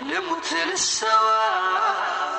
لمت للسواب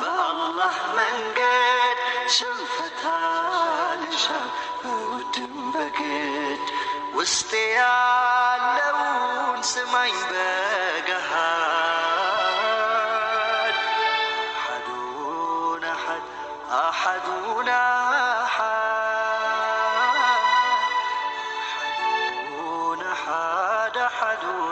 الله من قد شفتها لشاف ودم بقيت وسطي يعلون سماي بقهاد حدونا أحد أحدون أحد حدونا أحد أحدون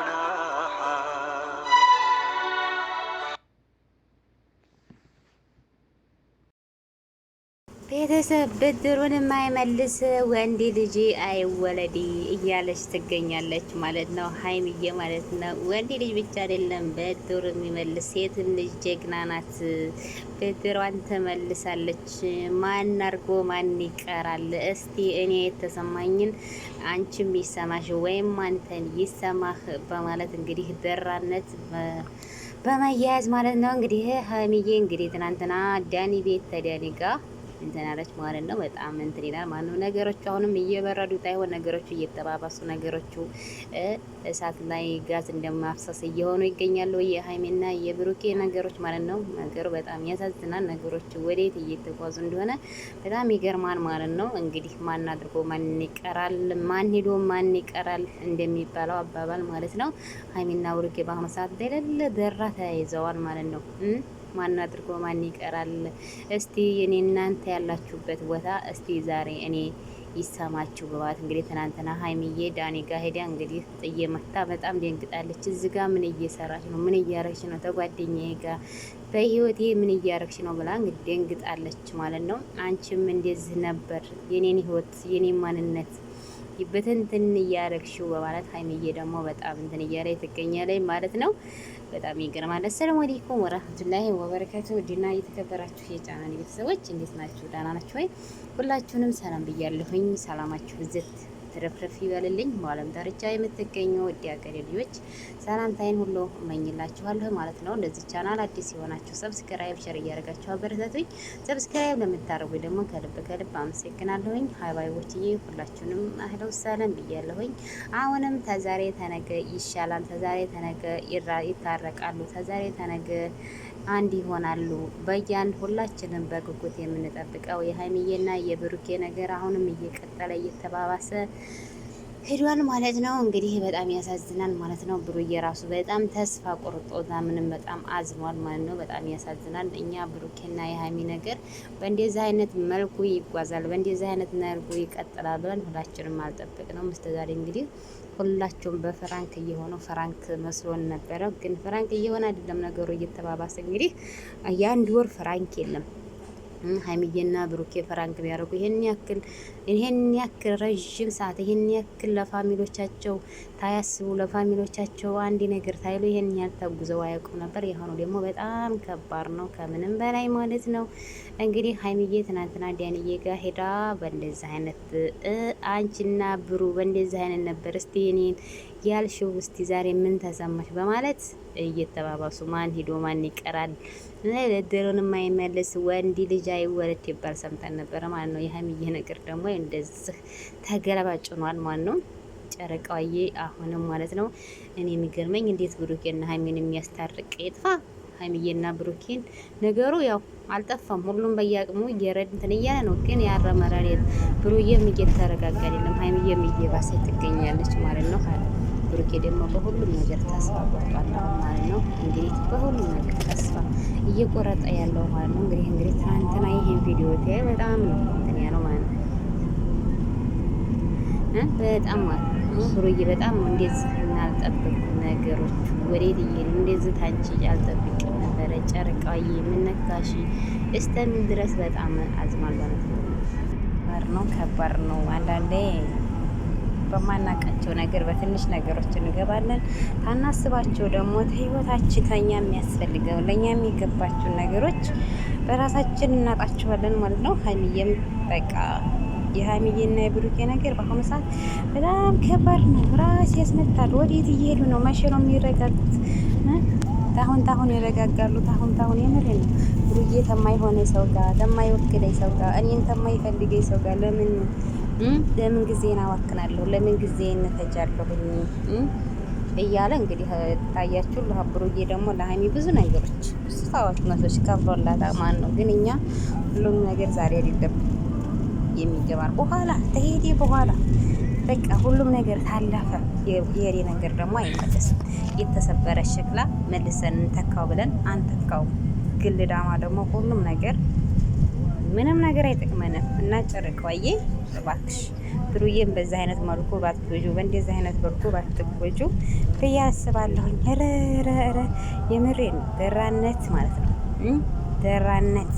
ቤተሰብ ብድሩን የማይመልስ ወንድ ልጅ አይወለድ እያለች ትገኛለች ማለት ነው፣ ሀይሚዬ ማለት ነው። ወንድ ልጅ ብቻ አይደለም ብድሩ የሚመልስ ሴት ልጅ ጀግና ናት። ብድሯን ትመልሳለች። ማን አርጎ ማን ይቀራል? እስቲ እኔ የተሰማኝን አንቺም ይሰማሽ ወይም አንተን ይሰማህ በማለት እንግዲህ ደራነት በመያያዝ ማለት ነው እንግዲህ ሀይሚዬ እንግዲህ ትናንትና ዳኒ ቤት ተዳኒ ጋር እንትን አለች ማለት ነው። በጣም እንትን ይላል ማለት ነው። ነገሮቹ አሁንም እየበረዱ ታይሆን ነገሮቹ እየተባባሱ ነገሮቹ እሳት ላይ ጋዝ እንደማፍሰስ እየሆኑ ይገኛሉ። የሀይሜና የብሩኬ ነገሮች ማለት ነው። ነገሩ በጣም ያሳዝናል። ነገሮቹ ወዴት እየተጓዙ እንደሆነ በጣም ይገርማል ማለት ነው። እንግዲህ ማን አድርጎ ማን ይቀራል፣ ማን ሄዶ ማን ይቀራል እንደሚባለው አባባል ማለት ነው። ሀይሜና ብሩኬ በአሁኑ ሰዓት ደለለ በራ ተያይዘዋል ማለት ነው። ማን አድርጎ ማን ይቀራል? እስቲ እኔ እናንተ ያላችሁበት ቦታ እስቲ ዛሬ እኔ ይሰማችሁ በማለት እንግዲህ ትናንትና ሀይሚዬ ዳኒ ጋ ሄዳ እንግዲህ ጥዬ መታ በጣም ደንግጣለች። እዚህ ጋ ምን እየሰራች ነው? ምን እያረግች ነው? ተጓደኛዬ ጋ በህይወቴ ምን እያረግች ነው ብላ እንግዲህ ደንግጣለች ማለት ነው። አንቺም እንደዚህ ነበር የኔን ህይወት የኔን ማንነት ይበተን በትንትን እያረግሽው በማለት ሀይሚዬ ደግሞ በጣም እንትን እያለች ትገኛለች ማለት ነው። በጣም ይገርማል። አሰላሙ አለይኩም ወራህመቱላሂ ወበረካቱ። ውድና የተከበራችሁ የጫናን ቤተሰቦች እንዴት ናችሁ? ደህና ናችሁ ወይ? ሁላችሁንም ሰላም ብያለሁኝ። ሰላማችሁ ዝት ትርፍርፍ ይበልልኝ። በዓለም ዳርቻ የምትገኙ ውድ ሀገሬ ልጆች ሰላምታዬን ሁሉ እመኝላችኋለሁ ማለት ነው። እንደዚህ ቻናል አዲስ የሆናችሁ ሰብስክራይብ፣ ሸር እያደረጋችሁ አበረታቱኝ። ሰብስክራይብ ለምታደርጉኝ ደግሞ ከልብ ከልብ አመሰግናለሁኝ። ሀይባይቦችዬ ሁላችሁንም አህለው ሰላም ብያለሁኝ። አሁንም ተዛሬ ተነገ ይሻላል፣ ተዛሬ ተነገ ይታረቃሉ፣ ተዛሬ ተነገ አንድ ይሆናሉ። በያን ሁላችንም በጉጉት የምንጠብቀው የሀይሚዬና የብሩኬ ነገር አሁንም እየቀጠለ እየተባባሰ ሄዷል ማለት ነው። እንግዲህ በጣም ያሳዝናል ማለት ነው። ብሩዬ ራሱ በጣም ተስፋ ቆርጦ ምንም በጣም አዝኗል ማለት ነው። በጣም ያሳዝናል። እኛ ብሩኬና የሀይሚ ነገር በእንደዚህ አይነት መልኩ ይጓዛል፣ በእንደዚህ አይነት መልኩ ይቀጥላል ብለን ሁላችንም አልጠበቅ ነው። ምስተዛሬ እንግዲህ ሁላቸውም በፍራንክ እየሆኑ ፍራንክ መስሎን ነበረ፣ ግን ፍራንክ እየሆነ አይደለም ነገሩ እየተባባሰ እንግዲህ የአንድ ወር ፍራንክ የለም ሀይሚዬና ብሩኬ ፈራንክ ቢያደርጉ ይሄን ያክል ይሄን ያክል ረዥም ሰዓት ይሄን ያክል ለፋሚሎቻቸው ታያስቡ ለፋሚሎቻቸው አንድ ነገር ታይሉ ይሄን ያህል ተጉዘው አያውቁ ነበር። የሆኑ ደግሞ በጣም ከባድ ነው ከምንም በላይ ማለት ነው። እንግዲህ ሀይሚዬ ትናንትና ዲያንዬ ጋር ሄዳ በእንደዚህ አይነት አንቺና ብሩ በእንደዚህ አይነት ነበር እስቲ እኔን ያልሽው እስቲ ዛሬ ምን ተሰማሽ በማለት እየተባባሱ ማን ሂዶ ማን ይቀራል ድሮንም አይመልስ ወንድ ልጅ አይወለድ ይባል ሰምተን ነበረ ማለት ነው። የሀይሚዬ ነገር ደግሞ እንደዚህ ተገለባጭ ሆኗል ማለት ነው። ጨረቃዬ አሁንም ማለት ነው እኔ የሚገርመኝ እንዴት ብሩኬና ሀይሚን የሚያስታርቅ የጥፋ ሀይሚዬና ብሩኬን ነገሩ ያው አልጠፋም። ሁሉም በየአቅሙ እየረድ እንትን እያለ ነው፣ ግን ያረመራል። ብሩዬም እየተረጋጋ አይደለም፣ ሀይሚዬም እየባሰ ትገኛለች ማለት ነው። ብሩኬ ደግሞ በሁሉም ነገር ተስፋ ቆርጧል ማለት ነው። እንግዲህ በሁሉም ነገር ተስፋ እየቆረጠ ያለው ማለት ነው። እንግዲህ እንግዲህ ትናንትና ይሄን ቪዲዮ ታይ በጣም ነው እንትን ያለው ማለት ነው። በጣም ማለት ነው ብሩዬ፣ በጣም ነው እንደዚህ እናልጠብቅ ነገሮች ወዴት እየሄድ እንደዚህ ታንቺ ያልጠብቅ ነበረ ጨረቃዬ፣ የምነካሽ እስከምን ድረስ በጣም አዝማል ማለት ነው። ከባድ ነው ከባድ ነው አንዳንዴ በማናቃቸው ነገር በትንሽ ነገሮች እንገባለን። ታናስባቸው ደግሞ ህይወታችን ከኛ የሚያስፈልገው ለእኛ የሚገባቸው ነገሮች በራሳችን እናጣችኋለን ማለት ነው። ሀይሚዬም በቃ የሀይሚዬና የብሩኬ ነገር በአሁኑ ሰዓት በጣም ከባድ ነው። ራስ ያስመታል። ወዴት እየሄዱ ነው? መቼ ነው የሚረጋጉት? ታሁን ታሁን ይረጋጋሉ። ታሁን ታሁን የምር ነው ብሩዬ ተማይሆነ ሰው ጋር ተማይወክለኝ ሰው ጋር እኔን ተማይፈልገኝ ሰው ጋር ለምን ለምን ጊዜን አዋክናለሁ፣ ለምን ጊዜ እንፈጃለሁ እያለ እንግዲህ ታያችሁ። ለሀብሮዬ ደግሞ ለሀይሚ ብዙ ነገሮች ብዙ ታዋቂ መቶች ከብሮላታ ማን ነው ግን እኛ ሁሉም ነገር ዛሬ አይደለም የሚገባል በኋላ ተሄዴ በኋላ በቃ ሁሉም ነገር ታለፈ። የሄዴ ነገር ደግሞ አይመለስም። የተሰበረ ሸክላ መልሰን እንተካው ብለን አንተካው። ግልዳማ ደግሞ ሁሉም ነገር ምንም ነገር አይጠቅመንም እና ጨርቀዋየ እባክሽ ብሩዬም በዛ አይነት መልኩ ባትጎጁ በእንደዚህ አይነት መልኩ ባትጎጁ ብዬ አስባለሁኝ። ረረረ የምሬ ነው። ደራነት ማለት ነው። ደራነት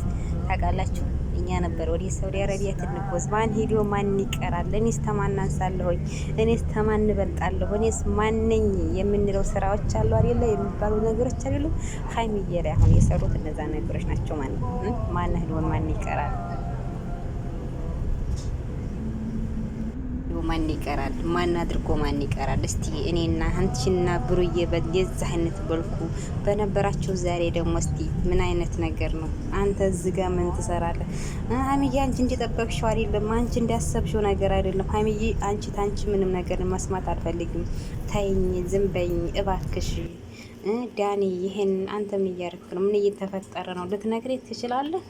ታውቃላችሁ ጓደኛ ነበር። ወደ ሳውዲ አረቢያ ትንኮስ ማን ሄዶ ማን ይቀራል? እኔስ ተማን አንሳለሁኝ? እኔስ ተማን እንበልጣለሁ? እኔስ ማነኝ የምንለው ስራዎች አሉ አይደለ? የሚባሉ ነገሮች አይደሉ? ሀይሚዬ ላይ አሁን የሰሩት እነዛ ነገሮች ናቸው ማን ነው። ማን ሄዶ ማን ይቀራል? ማን ይቀራል? ማን አድርጎ ማን ይቀራል? እስቲ እኔና አንቺና ብሩዬ የዛ አይነት በልኩ በነበራቸው ዛሬ ደግሞ እስቲ ምን አይነት ነገር ነው? አንተ እዚህ ጋር ምን ትሰራለህ? ሀይሚዬ አንቺ እንደጠበቅሽው አይደለም፣ አንቺ እንዳሰብሽው ነገር አይደለም። ሀይሚዬ አንቺ ታንቺ ምንም ነገር መስማት አልፈልግም። ታይኝ፣ ዝም በይኝ እባክሽ። ዳኒ ይሄን አንተ ምን እያደረክ ነው? ምን እየተፈጠረ ነው? ልትነግሬ ትችላለህ?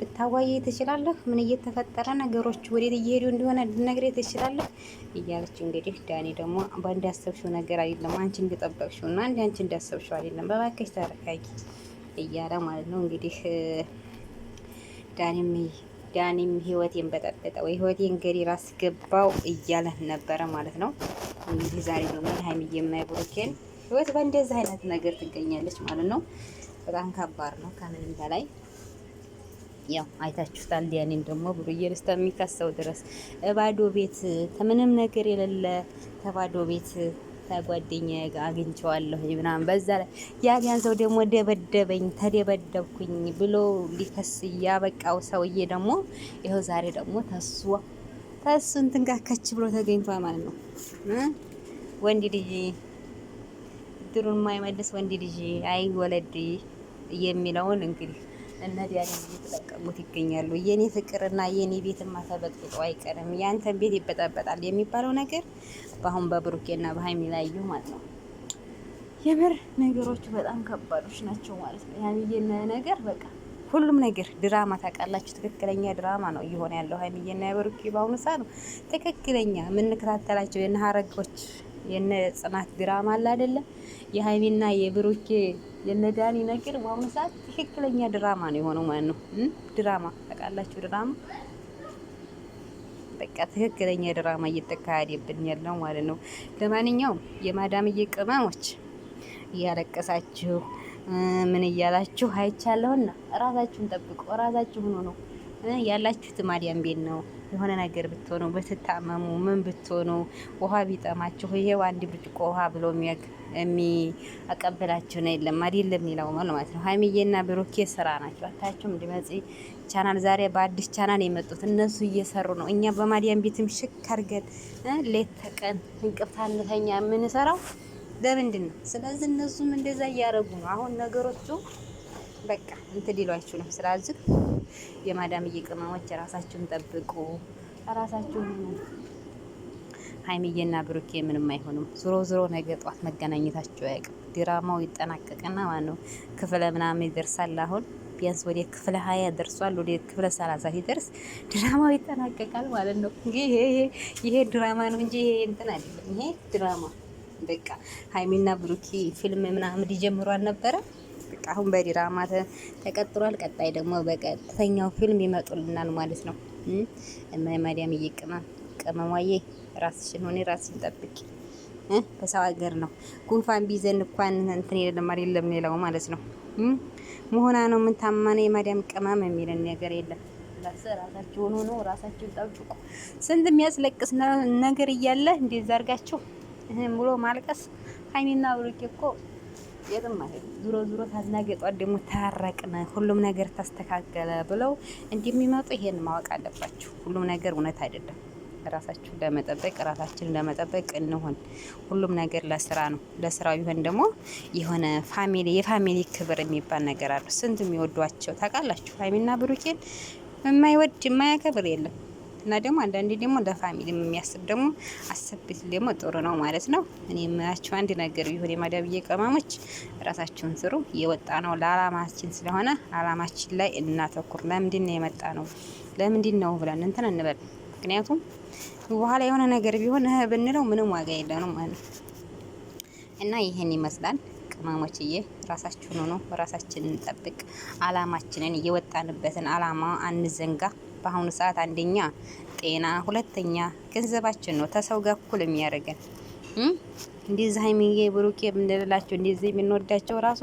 ልታዋየ ትችላለህ? ምን እየተፈጠረ ነገሮች ወዴት እየሄዱ እንደሆነ ልትነግሬ ትችላለህ? እያለች እንግዲህ ዳኒ ደግሞ እንዳሰብሽው ነገር አይደለም፣ አንቺ እንደጠበቅሽው እና እንዲ አንቺ እንዳሰብሽው አይደለም፣ በባከሽ ተረጋጊ እያለ ማለት ነው እንግዲህ ዳኒም ዳኒም ህይወቴን በጠበጠ ወይ እንግዲህ ራስ ገባው እያለ ነበረ ማለት ነው እንግዲህ ዛሬ ደግሞ ሀይሚዬ የማይብሩኬን ህይወት በእንደዚህ አይነት ነገር ትገኛለች ማለት ነው። በጣም ከባድ ነው ከምንም በላይ ያው አይታችሁታል። ያኔን ደግሞ ብሩዬን እስከሚከሰው ድረስ እባዶ ቤት ከምንም ነገር የሌለ ተባዶ ቤት ከጓደኛ ጋር አግኝቼዋለሁ ምናምን በዛ ላይ ያን ሰው ደግሞ ደበደበኝ ተደበደብኩኝ ብሎ ሊከስ ያበቃው ሰውዬ ደግሞ ይኸው ዛሬ ደግሞ ተሷ ተሱ እንትን ጋር ከች ብሎ ተገኝቷል ማለት ነው። ወንድ ልጅ ብድሩን የማይመልስ ወንድ ልጅ አይወለድ የሚለውን እንግዲህ እነዚያን እየተጠቀሙት ይገኛሉ። የኔ ፍቅርና የኔ ቤትማ ተበጥብጦ አይቀርም ያንተን ቤት ይበጣበጣል የሚባለው ነገር በአሁን በብሩኬና በሀይሚ ላዩ ማለት ነው። የምር ነገሮቹ በጣም ከባዶች ናቸው ማለት ነው። ሀይሚዬና ነገር በቃ ሁሉም ነገር ድራማ ታውቃላችሁ፣ ትክክለኛ ድራማ ነው እየሆነ ያለው ሀይሚዬና ብሩኬ በአሁኑ ሰዓት ነው ትክክለኛ የምንከታተላቸው የነሀረጎች የነ ጽናት ድራማ አለ አይደለም። የሀይሚና የብሩኬ የነ ዳኒ ነገር በአሁኑ ሰዓት ትክክለኛ ድራማ ነው የሆነው ማለት ነው። ድራማ ታውቃላችሁ፣ ድራማ በቃ ትክክለኛ ድራማ እየተካሄደብን ያለው ማለት ነው። ለማንኛውም የማዳምዬ ቅመሞች እያለቀሳችሁ ምን እያላችሁ አይቻለሁና ራሳችሁን ጠብቁ፣ ራሳችሁን ነው ያላችሁት። ማዳም ቤት ነው የሆነ ነገር ብትሆኑ ብትታመሙ ምን ብትሆኑ ውሃ ቢጠማችሁ ይሄው አንድ ብርጭቆ ውሃ ብሎ የሚያቀብላችሁ ነው የለም አይደለም ነው ማለት ነው። ሀይሚዬና ብሩኬ ስራ ናቸው። አታችሁም እንዲመጽ ቻናል ዛሬ በአዲስ ቻናል የመጡት እነሱ እየሰሩ ነው። እኛ በማዲያም ቤትም ሽክ አድርገን ሌት ተቀን እንቅልፍ የምንሰራው ለምንድን ነው? ስለዚህ እነሱም እንደዛ እያደረጉ ነው አሁን ነገሮቹ በቃ እንትን ሊሏችሁ ነው። ስለዚህ የማዳምዬ ቅመሞች ራሳችሁን ጠብቁ፣ ራሳችሁን ሀይሚዬና ብሩኬ ምንም አይሆኑም። ዞሮ ዞሮ ነገ ጠዋት መገናኘታችሁ አያውቅም። ድራማው ይጠናቀቅና ማለት ነው ክፍለ ምናምን ይደርሳል። አሁን ቢያንስ ወደ ክፍለ ሀያ ደርሷል። ወደ ክፍለ ሰላሳ ሲደርስ ድራማው ይጠናቀቃል ማለት ነው። ይሄ ይሄ ድራማ ነው እንጂ ይሄ እንትን አይደለም። ይሄ ድራማ በቃ ሀይሚና ብሩኬ ፊልም ምናምን ሊጀምሩ አልነበረ በቃ አሁን በዲራማ ተቀጥሯል። ቀጣይ ደግሞ በቀጥተኛው ፊልም ይመጡልናል ማለት ነው። ማዳም እየቅመ ቅመሟዬ ራስሽን ሆኔ ራስሽን ጠብቂ። በሰው ሀገር ነው ጉንፋን ቢዘን እንኳን እንትን የለም የለም ሌላው ማለት ነው መሆና ነው ምን ታማነ የማዲያም ቅመም የሚለን ነገር የለም። ራሳችሁን ሆኖ ራሳችሁን ጠብቁ። ስንት የሚያስለቅስ ነገር እያለ እንዴት ዛርጋችሁ ብሎ ማልቀስ ሀይሚና ብሩኬ እኮ የትም አይሄድም። ዙሮ ዙሮ ታዝናጌጧ ደግሞ ታረቅን፣ ሁሉም ነገር ተስተካከለ ብለው እንደሚመጡ ይሄን ማወቅ አለባችሁ። ሁሉም ነገር እውነት አይደለም። ራሳችሁን ለመጠበቅ ራሳችንን ለመጠበቅ እንሆን። ሁሉም ነገር ለስራ ነው። ለስራው ቢሆን ደግሞ የሆነ ፋሚሊ የፋሚሊ ክብር የሚባል ነገር አለ። ስንት የሚወዷቸው ታውቃላችሁ። ሀይሚና ብሩኬን የማይወድ የማያከብር የለም። እና ደግሞ አንዳንዴ ደግሞ ለፋሚሊ የሚያስብ ደግሞ አሰብት ደግሞ ጥሩ ነው ማለት ነው። እኔ የምላችሁ አንድ ነገር ቢሆን የማዳብዬ ቀማሞች ራሳችሁን ስሩ። የወጣ ነው ለአላማችን ስለሆነ አላማችን ላይ እናተኩር። ለምንድን ነው የመጣ ነው ለምንድን ነው ብለን እንትን እንበል። ምክንያቱም በኋላ የሆነ ነገር ቢሆን እህ ብንለው ምንም ዋጋ የለንም ማለት ነው። እና ይህን ይመስላል ቅመሞችዬ ራሳችሁን ሆኖ ራሳችንን እንጠብቅ። አላማችንን የወጣንበትን አላማ አንዘንጋ። በአሁኑ ሰዓት አንደኛ ጤና፣ ሁለተኛ ገንዘባችን ነው ተሰው ጋር እኩል የሚያደርገን እንደዚህ ሀይሚዬ ብሩኬ የምንላቸው እንደዚህ የምንወዳቸው ራሱ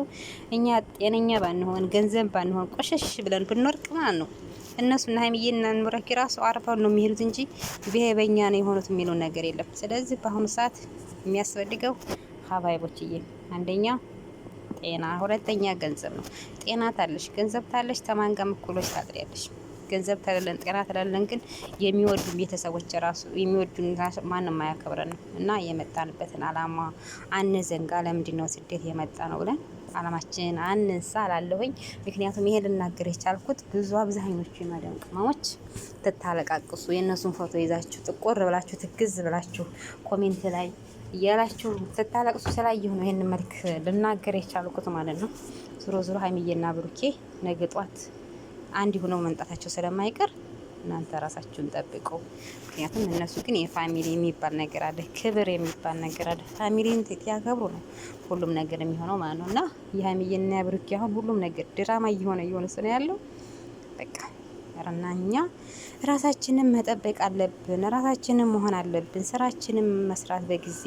እኛ ጤነኛ ባንሆን ገንዘብ ባንሆን ቆሸሽ ብለን ብንወርቅ ማለት ነው። እነሱና ሀይሚዬ እና ብሩኬ ራሱ አርፈው ነው የሚሄዱት እንጂ በኛ ነው የሆኑት የሚሉ ነገር የለም። ስለዚህ በአሁኑ ሰዓት የሚያስፈልገው ሀባይቦችዬ አንደኛ ጤና፣ ሁለተኛ ገንዘብ ነው። ጤና ታለሽ፣ ገንዘብ ታለሽ፣ ተማንጋ ምኩሎች ታጥሪያለሽ። ገንዘብ ተለን ጤና ተለን ግን የሚወዱን ቤተሰቦች ራሱ የሚወዱን ማንም አያከብረን ነው እና የመጣንበትን አላማ አንዘንጋ። ለምንድን ነው ስደት የመጣ ነው ብለን አላማችን አንንሳ አላለሁኝ። ምክንያቱም ይሄ ልናገር የቻልኩት ብዙ አብዛኞቹ የማዳም ቅመሞች ትታለቃቅሱ የእነሱን ፎቶ ይዛችሁ ጥቁር ብላችሁ ትግዝ ብላችሁ ኮሜንት ላይ እያላችሁ ስታለቅሱ ስላየሁ ነው ይህን መልክ ልናገር የቻልኩት ማለት ነው። ዞሮ ዞሮ ሀይሚዬና ብሩኬ ነገ ጧት አንድ ሆነው መምጣታቸው ስለማይቀር እናንተ ራሳችሁን ጠብቁ። ምክንያቱም እነሱ ግን የፋሚሊ የሚባል ነገር አለ፣ ክብር የሚባል ነገር አለ። ፋሚሊን ያከብሩ ነው ሁሉም ነገር የሚሆነው ማለት ነው። እና የሀይሚዬና ብሩኬ አሁን ሁሉም ነገር ድራማ እየሆነ እየሆነ ስለ ያለው በቃ እና እኛ ራሳችንን መጠበቅ አለብን፣ ራሳችንን መሆን አለብን፣ ስራችንን መስራት በጊዜ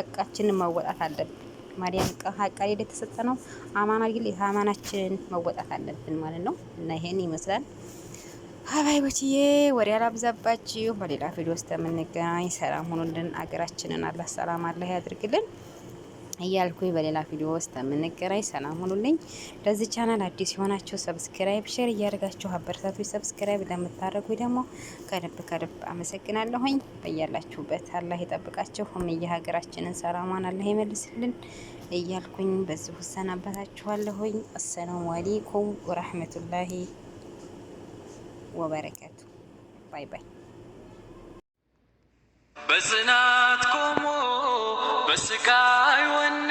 አቃችንን መወጣት አለብን። ማዲያን ቃል የተሰጠ ነው። አማና ግል አማናችን መወጣት አለብን ማለት ነው እና ይሄን ይመስላል። ሀባይቦችዬ ወሬ አላብዛባችሁ። በሌላ ቪዲዮ ውስጥ የምንገናኝ ሰላም ሁኑልን። አገራችንን አላህ ሰላም አላህ ያድርግልን። እያልኩኝ በሌላ ቪዲዮ ውስጥ የምንገናኝ ሰላም ሁኑልኝ። ለዚህ ቻናል አዲስ የሆናችሁ ሰብስክራይብ፣ ሼር እያደርጋችሁ አበረታቶች ሰብስክራይብ ለምታደርጉ ደግሞ ከልብ ከልብ አመሰግናለሁኝ። በያላችሁበት አላህ ይጠብቃችሁ። ሁምየ ሀገራችንን ሰላሟን አላህ ይመልስልን እያልኩኝ በዚሁ እሰናበታችኋለሁኝ። አሰላሙ አሌይኩም ወራህመቱላሂ ወበረከቱ። ባይ ባይ። በጽናት ቆሞ በስቃይ ወኔ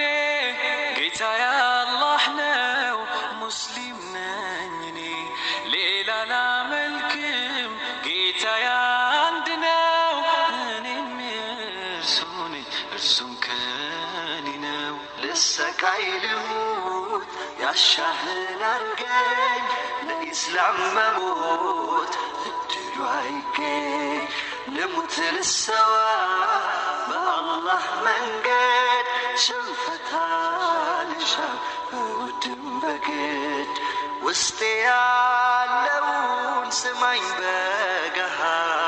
ጌታ ያላህ ነው፣ ሙስሊም ነኝ እኔ ሌላ ላመልክም። ጌታ ያንድ ነው፣ እኔም እርሱ ነኝ፣ እርሱም ከኔ ነው። ልሰቃይ ልሙት ያሻህን አርገኝ፣ ለኢስላም መሞት እድሉ አይገኝ نموت للسوا ما الله من قد شنفتها لشان ودم بقيت وسطي لون سمعي بقهار